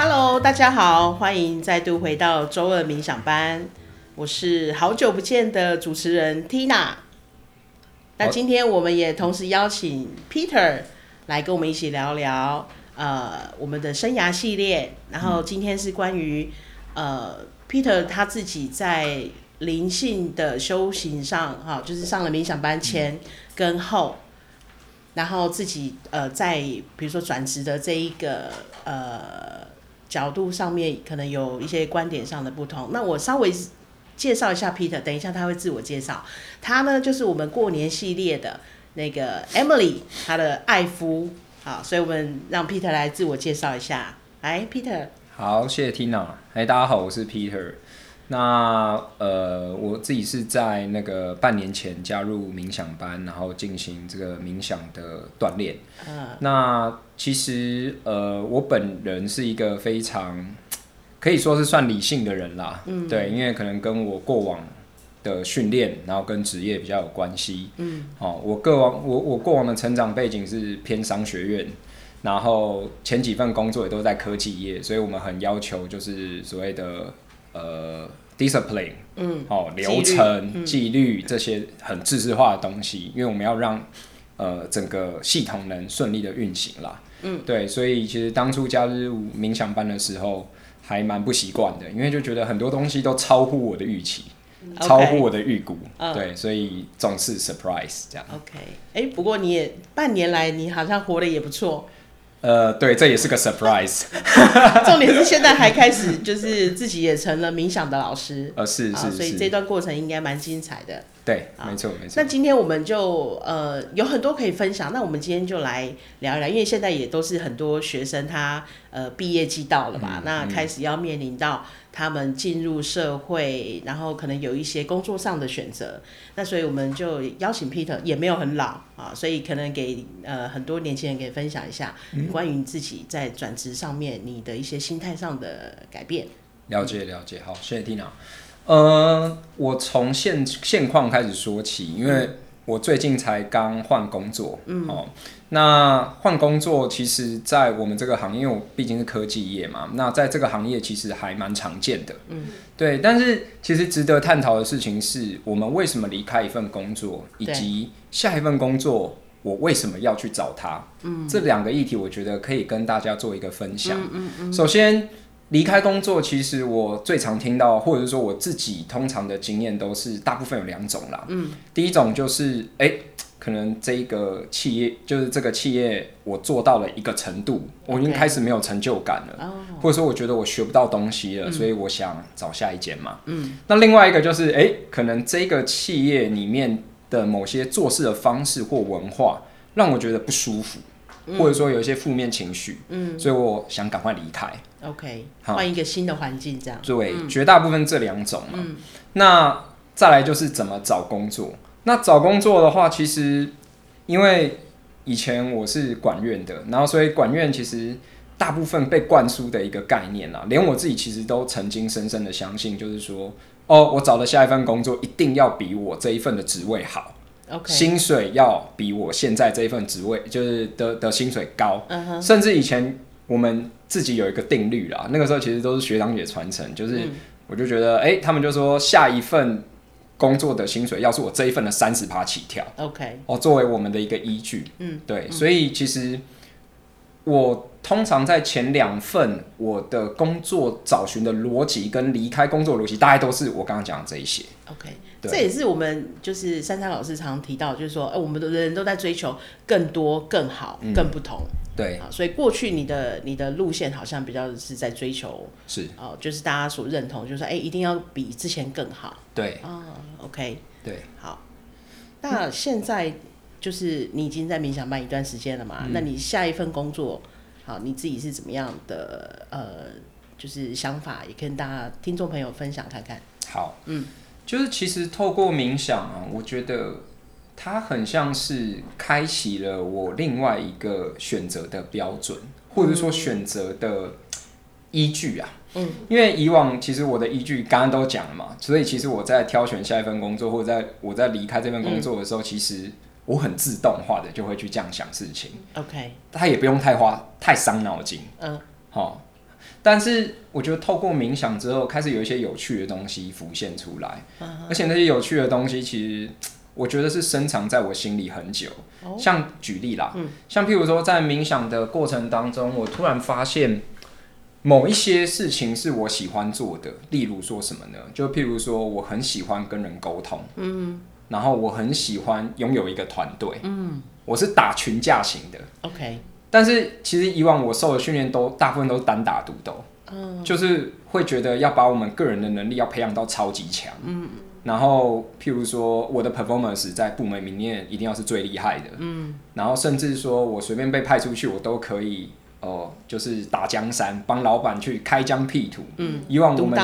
Hello，大家好，歡迎再度回到週二冥想班。我是好久不見的主持人 Tina。那今天我們也同時邀請 Peter 來跟我們一起聊聊，呃，我們的生涯系列。然後今天是關於呃 Peter 他自己在靈性的修行上，哈，就是上了冥想班前跟後，然後自己呃在比如說轉職的這一個呃。角度上面可能有一些觀點上的不同。那我稍微介紹一下 Peter，等一下他會自我介紹。他呢，就是我們生涯系列的那個 Emily，他的愛夫。好，所以我們讓 Peter 來自我介紹一下。哎，Peter。好，謝謝 Tinna。哎、欸，大家好，我是 Peter。那呃，我自己是在那個半年前加入冥想班，然後進行這個冥想的鍛鍊。Uh. 那其實呃，我本人是一個非常可以說是算理性的人啦。嗯。對，因為可能跟我過往的訓練，然後跟職業比較有關係。嗯。哦，我過往我我過往的成長背景是偏商學院，然後前幾份工作也都在科技業，所以我們很要求就是所謂的。呃，discipline，嗯，哦，流程、紀律、嗯、律這些很制度化的東西，因為我們要讓呃整個系統能順利的運行啦，嗯，對，所以其實當初加入冥想班的時候還蠻不習慣的，因為就覺得很多東西都超乎我的預期，okay, 超乎我的預估，uh, 對，所以總是 surprise 這樣。OK，哎、欸，不過你也半年來你好像活得也不錯。呃，對，這也是個 surprise。 重點是現在還開始，就是自己也成了冥想的老師。呃，是是、啊、是是，所以這段過程應該蠻精彩的。對，啊、沒錯沒錯。那今天我們就呃有很多可以分享。那我們今天就來聊一聊，因為現在也都是很多學生他呃畢業季到了嘛、嗯嗯，那開始要面臨到。他們進入社會，然後可能有一些工作上的選擇，那所以我們就邀請 Peter，也沒有很老啊，所以可能給呃很多年輕人給分享一下、嗯、關於自己在轉職上面你的一些心態上的改變。了解了解，好，謝謝 Tinna。呃，我從現現況開始說起，因為。嗯我最近才剛換工作，嗯，哦，那換工作其實，在我們這個行業，因為我畢竟是科技業嘛，那在這個行業其實還蠻常見的，嗯，對。但是其實值得探討的事情是，我們為什麼離開一份工作，以及下一份工作我為什麼要去找他。嗯，這兩個議題，我覺得可以跟大家做一個分享。嗯嗯嗯。首先。離開工作，其實我最常聽到，或者是說我自己通常的經驗，都是大部分有兩種啦。嗯，第一種就是，誒、欸，可能這一個企業就是這個企業，我做到了一個程度，Okay. 我已經開始沒有成就感了，Oh. 或者說我覺得我學不到東西了，所以我想找下一間嘛。嗯，那另外一個就是，誒、欸，可能這個企業裡面的某些做事的方式或文化，讓我覺得不舒服，嗯、或者說有一些負面情緒，嗯，所以我想趕快離開。OK，好，換一個新的環境這樣。對，嗯、絕大部分這兩種嘛、嗯。那再來就是怎麼找工作。那找工作的話，其實因為以前我是管院的，然後所以管院其實大部分被灌輸的一個概念啦，連我自己其實都曾經深深的相信，就是說，哦，我找的下一份工作一定要比我這一份的職位好，okay. 薪水要比我現在這一份職位就是的的薪水高，uh-huh. 甚至以前我們。自己有一個定律啦，那個時候其實都是學長姐傳承，就是我就覺得，哎、嗯欸，他們就說下一份工作的薪水要是我這一份的三十趴起跳，OK，哦，作為我們的一個依據，嗯，對，嗯、所以其實我通常在前兩份我的工作找尋的邏輯跟離開工作邏輯，大概都是我剛剛講的這一些，OK，對這也是我們就是33老師常，常提到，就是說，哎、呃，我們的人都在追求更多、更好、更不同。嗯對，所以過去你的你的路線好像比較是在追求是，哦、呃，就是大家所認同，就是說，哎、欸，一定要比之前更好。對，啊、哦，OK，對，好。那現在就是你已經在冥想班一段時間了嘛、嗯？那你下一份工作，好，你自己是怎麼樣的？呃，就是想法也跟大家聽眾朋友分享看看。好，嗯，就是其實透過冥想啊，我覺得。它很像是開啟了我另外一個選擇的標準，或者說選擇的依據啊。嗯，因為以往其實我的依據剛剛都講了嘛，所以其實我在挑選下一份工作，或者我在我在離開這份工作的時候、嗯，其實我很自動化的就會去這樣想事情。OK，它也不用太花太傷腦筋。嗯，好，但是我覺得透過冥想之後，開始有一些有趣的東西浮現出來，uh -huh. 而且那些有趣的東西其實。我覺得是深藏在我心裡很久。哦、像舉例啦、嗯，像譬如說，在冥想的過程當中，我突然發現某一些事情是我喜歡做的。例如說什麼呢？就譬如說，我很喜歡跟人溝通、嗯，然後我很喜歡擁有一個團隊、嗯，我是打群架型的，OK、嗯。但是其實以往我受的訓練都大部分都是單打獨鬥、嗯，就是會覺得要把我們個人的能力要培養到超級強，嗯。然後，譬如說，我的 performance 在部門裡面一定要是最厲害的。嗯。然後，甚至說我隨便被派出去，我都可以，哦、呃，就是打江山，幫老闆去開疆闢土。嗯。以往我們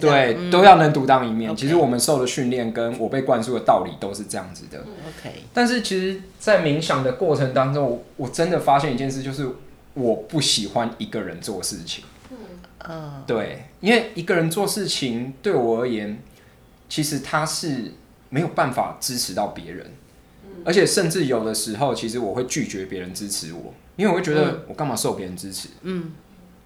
對、嗯、都要能獨當一面、嗯。其實我們受的訓練跟我被灌輸的道理都是這樣子的。嗯、OK。但是，其實，在冥想的過程當中，我真的發現一件事，就是我不喜歡一個人做事情。嗯、哦。對，因為一個人做事情，對我而言。其實他是沒有辦法支持到別人，而且甚至有的時候，其實我會拒絕別人支持我，因為我會覺得我幹嘛受別人支持？嗯，嗯，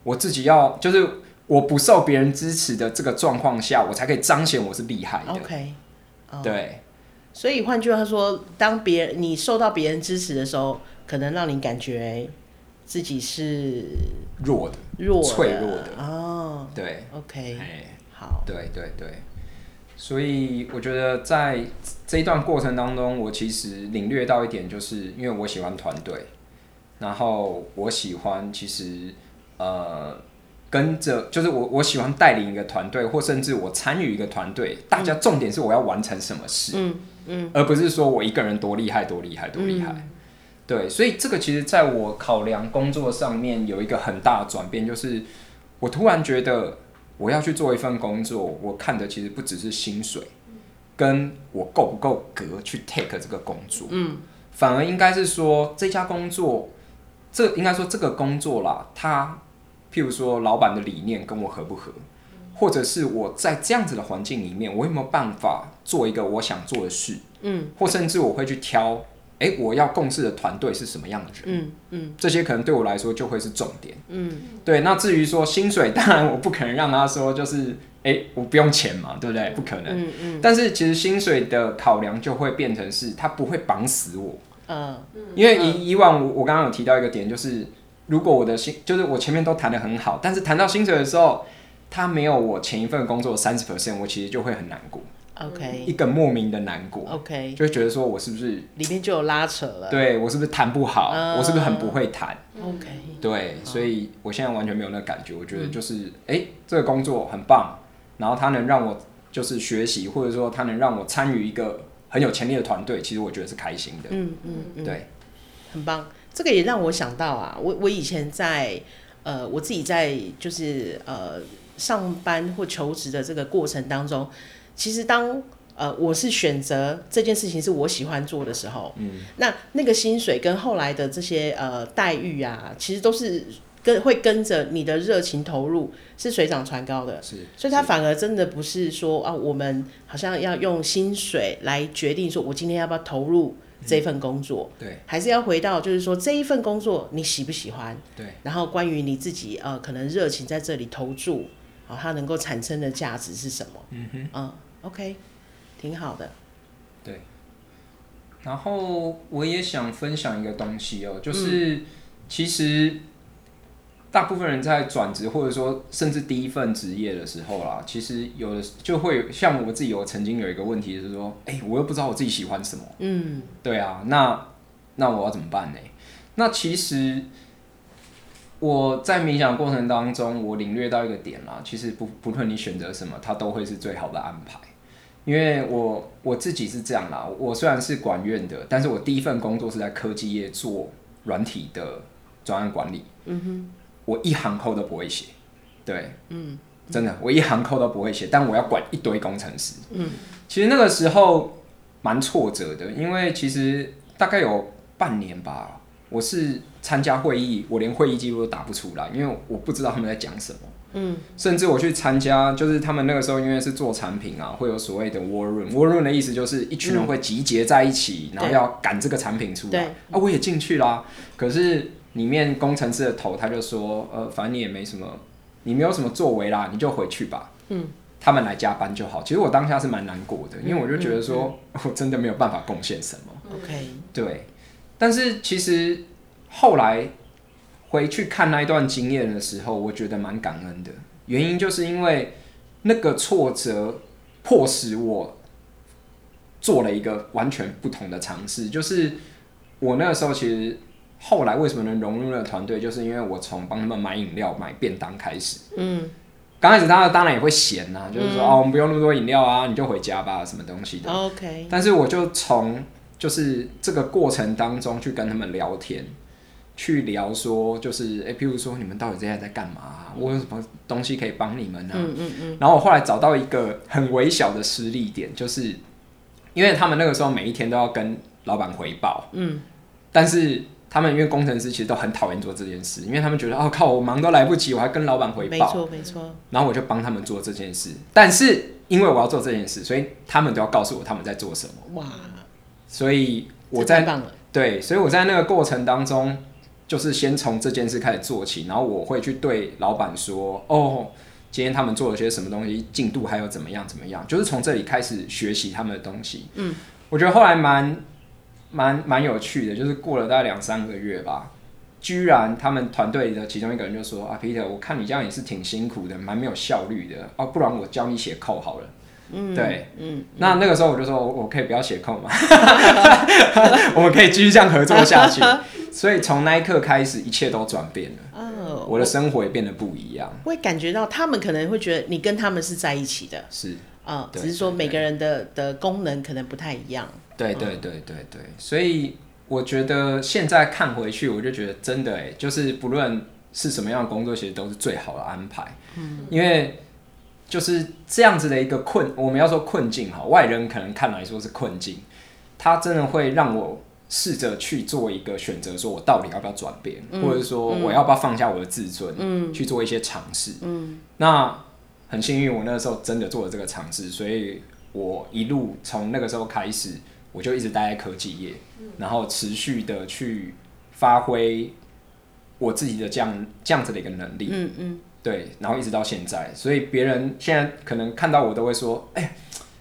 我自己要就是我不受別人支持的這個狀況下，我才可以彰顯我是厲害的。OK，哦。對，所以換句話說，當別人你受到別人支持的時候，可能讓你感覺自己是弱的、弱的脆弱的哦，oh. 對，OK，哎，好，對對對。所以我覺得在這一段過程當中，我其實領略到一點，就是因為我喜歡團隊，然後我喜歡其實呃跟着，就是我我喜歡帶領一個團隊，或甚至我參與一個團隊，大家重點是我要完成什麼事，嗯嗯，而不是說我一個人多厲害多厲害多厲害，對，所以這個其實在我考量工作上面有一個很大的轉變，就是我突然覺得。我要去做一份工作，我看的其實不只是薪水，跟我夠不夠格去 take 這個工作，嗯，反而應該是說這家工作，這應該說這個工作啦，他譬如說老闆的理念跟我合不合，嗯，或者是我在這樣子的環境裡面，我有沒有辦法做一個我想做的事，嗯，或甚至我會去挑。哎、欸，我要共事的團隊是什麼樣的人？嗯嗯，這些可能對我來說就會是重點。嗯，對。那至於說薪水，當然我不可能讓他說就是，哎、欸，我不用錢嘛，對不對？嗯、不可能。嗯嗯。但是其實薪水的考量就會變成是他不會綁死我。嗯嗯。因為以以往我我剛剛有提到一個點，就是如果我的薪就是我前面都談得很好，但是談到薪水的時候，他沒有我前一份工作的三十%，我其實就會很難過。OK，一個莫名的難過。OK，就覺得說我是不是裡面就有拉扯了？對，我是不是彈不好？Uh... 我是不是很不會彈？OK，對，所以我現在完全沒有那個感覺。我覺得就是，哎、欸，這個工作很棒，嗯、然後他能讓我就是學習，或者說他能讓我參與一個很有潛力的團隊。其實我覺得是開心的。嗯嗯，嗯，對，很棒。這個也讓我想到啊，我我以前在呃，我自己在就是呃上班或求職的這個過程當中。其實當，當呃，我是選擇這件事情是我喜歡做的時候，嗯，那那個薪水跟後來的這些呃待遇啊，其實都是跟會跟着你的熱情投入是水漲船高的，是。所以，他反而真的不是說是啊，我們好像要用薪水來決定說我今天要不要投入這份工作，嗯，對，還是要回到就是說這一份工作你喜不喜歡，對，然後關於你自己呃可能熱情在這裡投注，好，啊，它能夠產生的價值是什麼，嗯哼，嗯。OK，挺好的。對，然後我也想分享一個東西哦，就是其實大部分人在轉職或者說甚至第一份職業的時候啦，其實有的就會像我自己有曾經有一個問題就是說，哎，我又不知道我自己喜歡什麼。嗯，對啊，那那我要怎麼辦呢？那其實。我在冥想過程當中，我領略到一個點啦，其實不不論你選擇什麼，它都會是最好的安排。因為我我自己是這樣啦，我雖然是管院的，但是我第一份工作是在科技業做軟體的專案管理。嗯哼，我一行 code 都不會寫，對，嗯、mm -hmm.，真的，我一行 code 都不會寫，但我要管一堆工程師。嗯、mm -hmm.，其實那個時候蠻挫折的，因為其實大概有半年吧。我是參加會議，我連會議記錄都打不出來，因為我不知道他們在講什麼。嗯，甚至我去參加，就是他們那個時候因為是做產品啊，會有所謂的 war room。war room 的意思就是一群人會集結在一起，嗯、然後要趕這個產品出來。對啊，我也進去啦。可是裡面工程師的頭他就說：“呃，反正你也沒什麼，你沒有什麼作為啦，你就回去吧。”嗯，他們來加班就好。其實我當下是蠻難過的，因為我就覺得說、嗯嗯嗯、我真的沒有辦法貢獻什麼。OK，對。但是其實後來回去看那一段經驗的時候，我覺得蠻感恩的。原因就是因為那個挫折迫使我做了一個完全不同的嘗試。就是我那個時候其實後來為什麼能融入那個團隊，就是因為我從幫他們買飲料、買便當開始。嗯，剛開始大家當然也會嫌吶，就是說、嗯、哦，我們不用那麼多飲料啊，你就回家吧，什麼東西的。哦、OK，但是我就從。就是這個過程當中去跟他們聊天，去聊說，就是誒、欸，譬如說你們到底現在在幹嘛、啊？我有什麼東西可以幫你們呢、啊？嗯嗯嗯。然後我後來找到一個很微小的實例點，就是因為他們那個時候每一天都要跟老闆匯報，嗯，但是他們因為工程師其實都很討厭做這件事，因為他們覺得哦靠，我忙都來不及，我還跟老闆匯報，沒錯沒錯。然後我就幫他們做這件事，但是因為我要做這件事，所以他們都要告訴我他們在做什麼。哇。所以我在對，所以我在那個過程當中，就是先從這件事開始做起，然後我會去對老闆說：“哦，今天他們做了些什麼東西，進度還有怎麼樣怎麼樣？”就是從這裡開始學習他們的東西。嗯，我覺得後來蠻蠻蠻有趣的，就是過了大概兩三個月吧，居然他們團隊的其中一個人就說：“啊，Peter，我看你這樣也是挺辛苦的，蠻沒有效率的，哦，不然我教你寫扣好了。”嗯，對，嗯，那那個時候我就說，我可以不要寫空嗎？ 我們可以繼續這樣合作下去。所以從那一刻開始，一切都轉變了，哦，我的生活也變得不一樣。我會感覺到他們可能會覺得你跟他們是在一起的，是、哦、對對對對，只是說每個人的的功能可能不太一樣。對對對對對、嗯，所以我覺得現在看回去，我就覺得真的、欸，哎，就是不論是什麼樣的工作，其實都是最好的安排，嗯，因為。就是這樣子的一個困，我們要說困境哈。外人可能看來說是困境，他真的會讓我試着去做一個選擇，說我到底要不要轉變，嗯，或者說我要不要放下我的自尊，嗯，去做一些嘗試，嗯。那很幸運，我那個時候真的做了這個嘗試，所以我一路從那個時候開始，我就一直待在科技業，然後持續的去發揮我自己的這樣這樣子的一個能力。嗯嗯。對，然後一直到現在，所以別人現在可能看到我都會說：“哎、欸，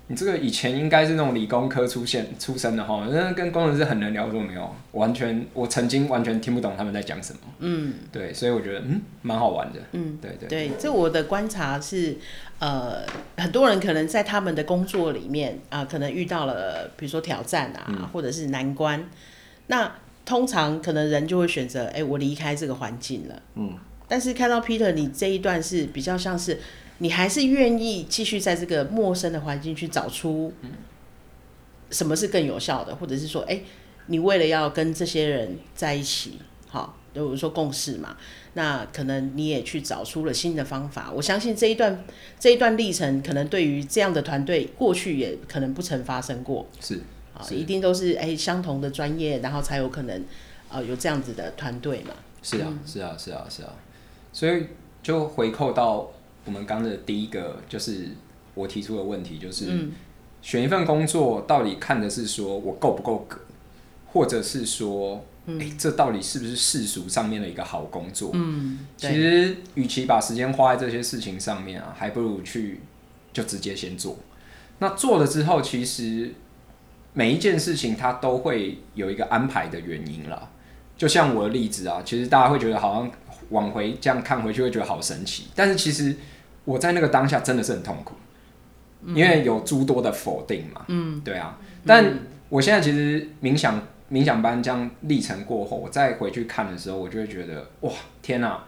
你這個以前應該是那種理工科出現出身的哈，那跟工程師很能聊，這種沒有？完全，我曾經完全聽不懂他們在講什麼。”嗯，對，所以我覺得嗯蠻好玩的。嗯，對對對，對。這我的觀察是，呃，很多人可能在他們的工作裡面啊、呃，可能遇到了比如說挑戰啊、嗯，或者是難關，那通常可能人就會選擇：“哎、欸，我離開這個環境了。”嗯。但是看到 Peter，你這一段是比較像是你還是願意繼續在這個陌生的環境去找出什麼是更有效的，或者是說，欸，你為了要跟這些人在一起，好，比如說共事嘛，那可能你也去找出了新的方法。我相信這一段這一段歷程，可能對於這樣的團隊過去也可能不曾發生過。是啊，一定都是，欸，相同的專業，然後才有可能啊，呃，有這樣子的團隊嘛。是啊，嗯。是啊，是啊，是啊，是啊。所以就回扣到我們剛的第一個，就是我提出的問題，就是選一份工作到底看的是說我夠不夠格，或者是說、欸，這到底是不是世俗上面的一個好工作？嗯，其實，與其把時間花在這些事情上面啊，還不如去就直接先做。那做了之後，其實每一件事情它都會有一個安排的原因啦。就像我的例子啊，其實大家會覺得好像。往回這樣看回去，會覺得好神奇。但是其實我在那個當下真的是很痛苦，因為有諸多的否定嘛。嗯，對啊。但我現在其實冥想、冥想班這樣歷程過後，我再回去看的時候，我就會覺得哇，天哪，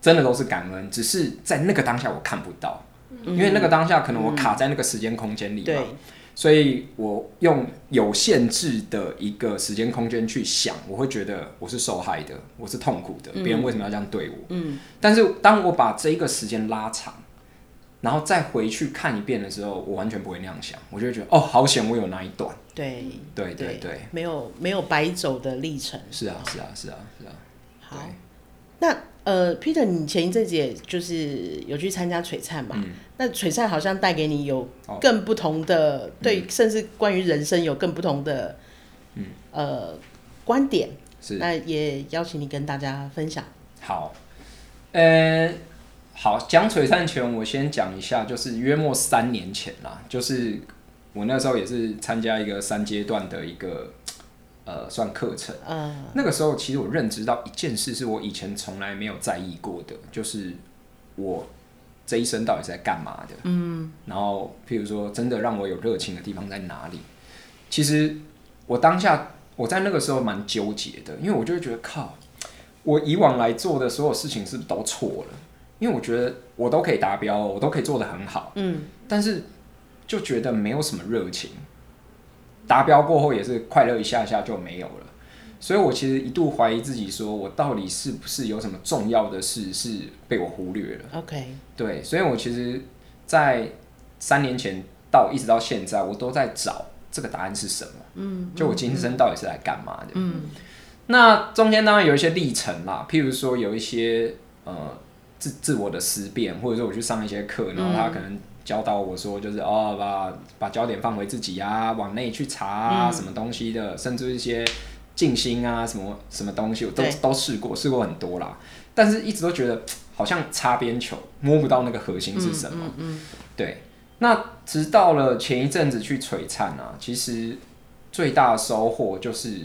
真的都是感恩，只是在那個當下我看不到，因為那個當下可能我卡在那個時間空間裡嘛。嗯嗯所以我用有限制的一個時間空間去想，我會覺得我是受害的，我是痛苦的，別、嗯、人為什麼要這樣對我？嗯。但是當我把這一個時間拉長，然後再回去看一遍的時候，我完全不會那樣想，我就會覺得哦，好險，我有那一段。對對對對，對，沒有沒有白走的歷程。是啊是啊是啊是啊。好，對、好那。呃，Peter，你前一陣子也就是有去參加璀璨吧？嗯？那璀璨好像帶給你有更不同的、哦嗯、對，甚至關於人生有更不同的、嗯、呃觀點。是。那也邀請你跟大家分享。好，呃、欸，好講璀璨前，我先講一下，就是約莫三年前啦，就是我那時候也是參加一個三階段的一個。呃，算課程。嗯、uh.，那個時候其實我認知到一件事，是我以前從來沒有在意過的，就是我這一生到底是在幹嘛的。嗯、mm.，然後，譬如說，真的讓我有熱情的地方在哪裡？其實我當下我在那個時候蠻糾結的，因為我就會覺得靠，我以往來做的所有事情是不是都錯了？因為我覺得我都可以達標，我都可以做得很好。嗯、mm.，但是就覺得沒有什麼熱情。達標過後也是快樂一下下就沒有了，所以我其實一度懷疑自己，說我到底是不是有什麼重要的事是被我忽略了？OK，對，所以我其實在三年前到一直到現在，我都在找這個答案是什麼？嗯，就我今生到底是來幹嘛的？嗯，嗯，那中間當然有一些歷程啦，譬如說有一些呃自自我的思辨，或者說我去上一些課，然後他可能。教導我說，就是哦，把把焦點放回自己啊，往內去查啊、嗯，什麼東西的，甚至一些靜心啊，什麼什麼東西，我都都試過，試過很多啦。但是一直都覺得好像擦邊球，摸不到那個核心是什麼。嗯嗯嗯、對，那直到了前一陣子去璀璨啊，其實最大的收穫就是，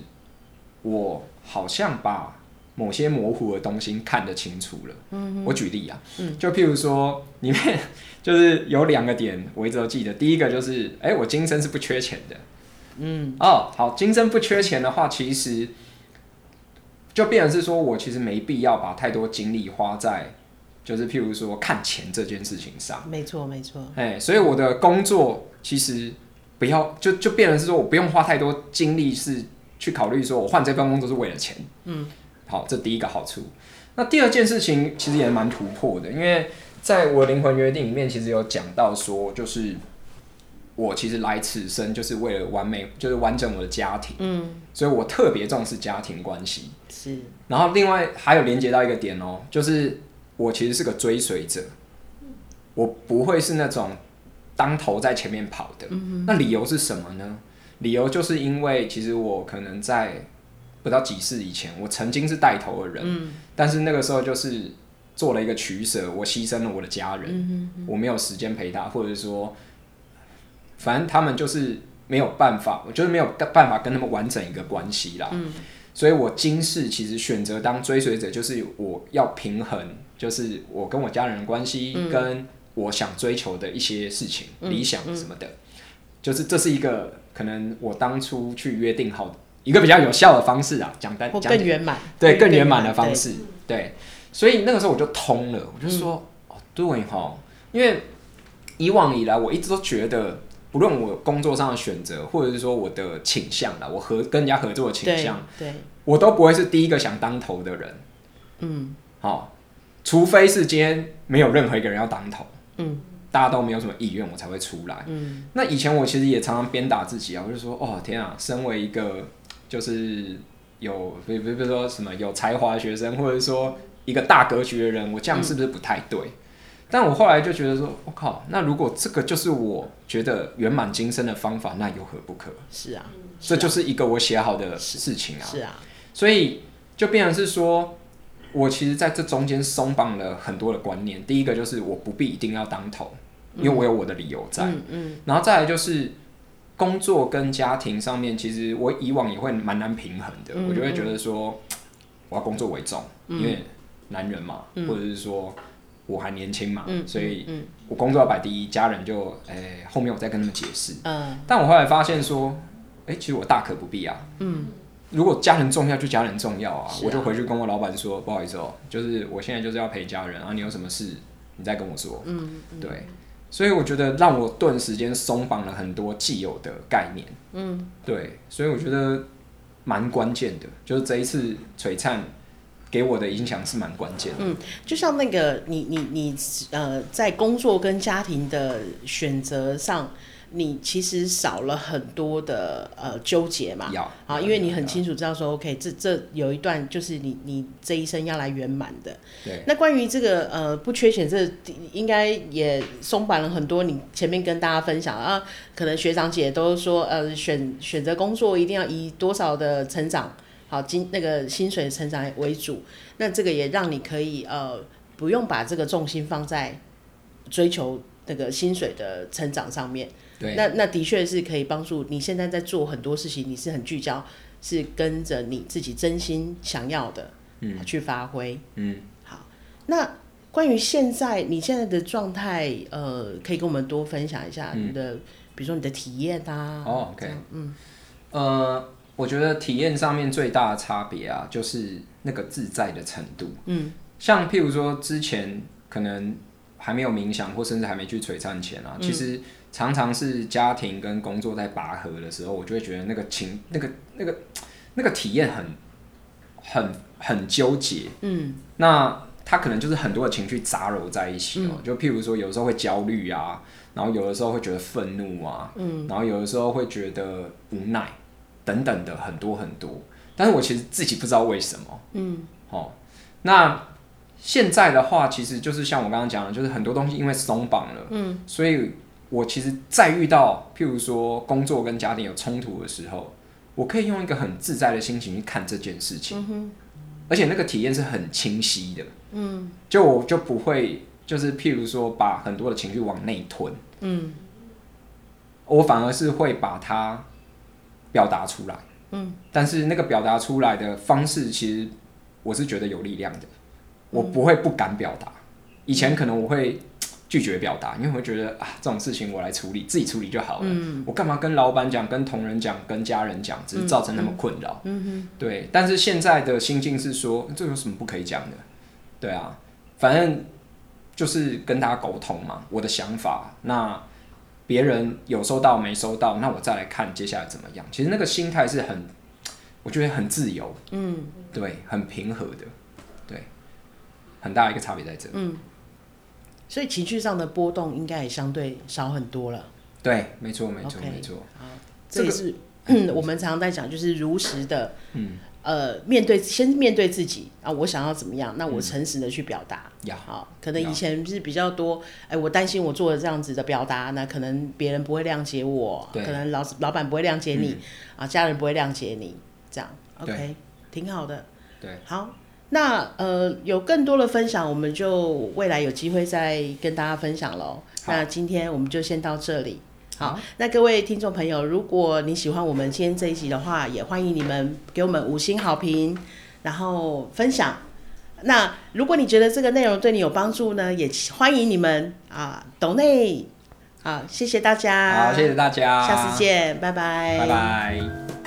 我好像把。某些模糊的東西看得清楚了。嗯，我舉例啊，嗯，就譬如說，裡面就是有兩個點，我一直都記得。第一個就是，哎、欸，我今生是不缺錢的。嗯，哦，好，今生不缺錢的話，其實就變成是說，我其實沒必要把太多精力花在，就是譬如說看錢這件事情上。沒錯，沒錯。哎、欸，所以我的工作其實不要，就就變成是說，我不用花太多精力是去考慮說我換這份工作是為了錢。嗯。好，這第一個好處。那第二件事情其實也蠻突破的，因為在我的靈魂約定裡面，其實有講到說，就是我其實來此生就是為了完美，就是完整我的家庭。嗯，所以我特別重視家庭關係。是。然後另外還有連接到一個點哦，就是我其實是個追隨者，我不會是那種當頭在前面跑的。嗯。那理由是什麼呢？理由就是因為其實我可能在。不知道幾世以前，我曾經是帶頭的人、嗯，但是那個時候就是做了一個取舍，我犧牲了我的家人，嗯、哼哼我沒有時間陪他，或者是說，反正他們就是沒有辦法，我就得、是、沒有辦法跟他們完整一個關係啦、嗯。所以我今世其實選擇當追隨者，就是我要平衡，就是我跟我家人的關係、嗯、跟我想追求的一些事情、嗯、理想什麼的、嗯，就是這是一個可能我當初去約定好的。一個比較有效的方式啊，講得更圓滿。對，更圓滿的方式對，對，所以那個時候我就通了，我就說、嗯、哦，對哈、哦，因為以往以來我一直都覺得，不論我工作上的選擇，或者是說我的傾向啦，我合跟人家合作的傾向對，對，我都不會是第一個想當頭的人，嗯，好、哦，除非是今天沒有任何一個人要當頭，嗯，大家都沒有什麼意願，我才會出來，嗯，那以前我其實也常常鞭打自己啊，我就說哦天啊，身為一個。就是有，比比比如說什麼有才華的學生，或者說一個大格局的人，我這樣是不是不太對？嗯、但我後來就覺得說，我、喔、靠，那如果這個就是我覺得圓滿今生的方法，那有何不可？是啊，是啊，這就是一個我寫好的事情啊，是。是啊，所以就變成是說，我其實在這中間鬆綁了很多的觀念。第一個就是我不必一定要當頭，因為我有我的理由在。嗯，然後再來就是。工作跟家庭上面，其實我以往也會蠻難平衡的、嗯，我就會覺得說，我要工作為重，嗯、因為男人嘛、嗯，或者是說我還年輕嘛、嗯，所以，我工作要擺第一，家人就，誒、欸、後面我再跟他們解釋、呃。但我後來發現說、欸，其實我大可不必啊。嗯、如果家人重要，就家人重要啊，啊，我就回去跟我老闆說，不好意思哦，就是我現在就是要陪家人啊，然後你有什麼事，你再跟我說。嗯，嗯對。所以我覺得讓我頓時間鬆綁了很多既有的概念，嗯，對，所以我覺得蠻關鍵的，嗯，就是這一次璀璨給我的影響是蠻關鍵的。嗯，就像那個你你你呃，在工作跟家庭的選擇上。你其實少了很多的呃糾結嘛，啊、yeah，因為你很清楚知道說 yeah, yeah, yeah. OK，這這有一段就是你你這一生要來圓滿的。對、yeah。那關於這個呃不缺錢，這個、應該也鬆綁了很多。你前面跟大家分享啊，可能學長姐都說呃選選擇工作一定要以多少的成長，好薪那個薪水的成長為主。那這個也讓你可以呃不用把這個重心放在追求那個薪水的成長上面。對，那那的確是可以幫助你，現在在做很多事情，你是很聚焦，是跟着你自己真心想要的去發揮。嗯。嗯，好。那關於現在你現在的狀態，呃，可以跟我們多分享一下你的，嗯、比如說你的體驗啦、啊。哦，OK，嗯，呃，我覺得體驗上面最大的差別啊，就是那個自在的程度。嗯，像譬如說之前可能還沒有冥想，或甚至還沒去璀璨前啊，嗯、其實。常常是家庭跟工作在拔河的時候，我就會覺得那個情、那個、那個、那個體驗很、很、很糾結。嗯，那他可能就是很多的情緒雜糅在一起哦、喔，嗯。就譬如說，有時候會焦慮啊，然後有的時候會覺得憤怒啊，嗯，然後有的時候會覺得無奈等等的很多很多。但是我其實自己不知道為什麼。嗯，好，那現在的話，其實就是像我剛剛講的，就是很多東西因為鬆綁了，嗯，所以。我其實在遇到，譬如說工作跟家庭有衝突的時候，我可以用一個很自在的心情去看這件事情，嗯、而且那個體驗是很清晰的，嗯，就我就不會，就是譬如說把很多的情緒往內吞，嗯，我反而是會把它表達出來，嗯，但是那個表達出來的方式，其實我是覺得有力量的，嗯、我不會不敢表達，以前可能我會、嗯。拒絕表達，因為我會覺得啊，這種事情我來處理，自己處理就好了。嗯、我幹嘛跟老闆講、跟同仁講、跟家人講，只是造成那麼困擾、嗯嗯。對。但是現在的心境是說，這有什麼不可以講的？對啊，反正就是跟大家溝通嘛，我的想法。那別人有收到沒收到？那我再來看接下來怎麼樣？其實那個心態是很，我覺得很自由。嗯，對，很平和的。對，很大一個差別在這裡。嗯所以情緒上的波動應該也相對少很多了。對，沒錯，沒錯，Okay, 沒錯。這也是、這個、我們常常在講，就是如實的，嗯，呃，面對先面對自己啊，我想要怎麼樣？那我誠實的去表達。嗯、yeah, 好，可能以前是比較多，哎、yeah. 欸，我擔心我做了這樣子的表達，那可能別人不會諒解我，可能老老闆不會諒解你、嗯、啊，家人不會諒解你，這樣 OK，挺好的。對，好。那呃，有更多的分享，我們就未來有機會再跟大家分享嘍。那今天我們就先到這裡好。好，那各位聽眾朋友，如果你喜歡我們今天這一集的話，也歡迎你們給我們五星好評，然後分享。那如果你覺得這個內容對你有幫助呢，也歡迎你們啊，抖內。好，謝謝大家，好，謝謝大家，下次見，拜拜，拜拜。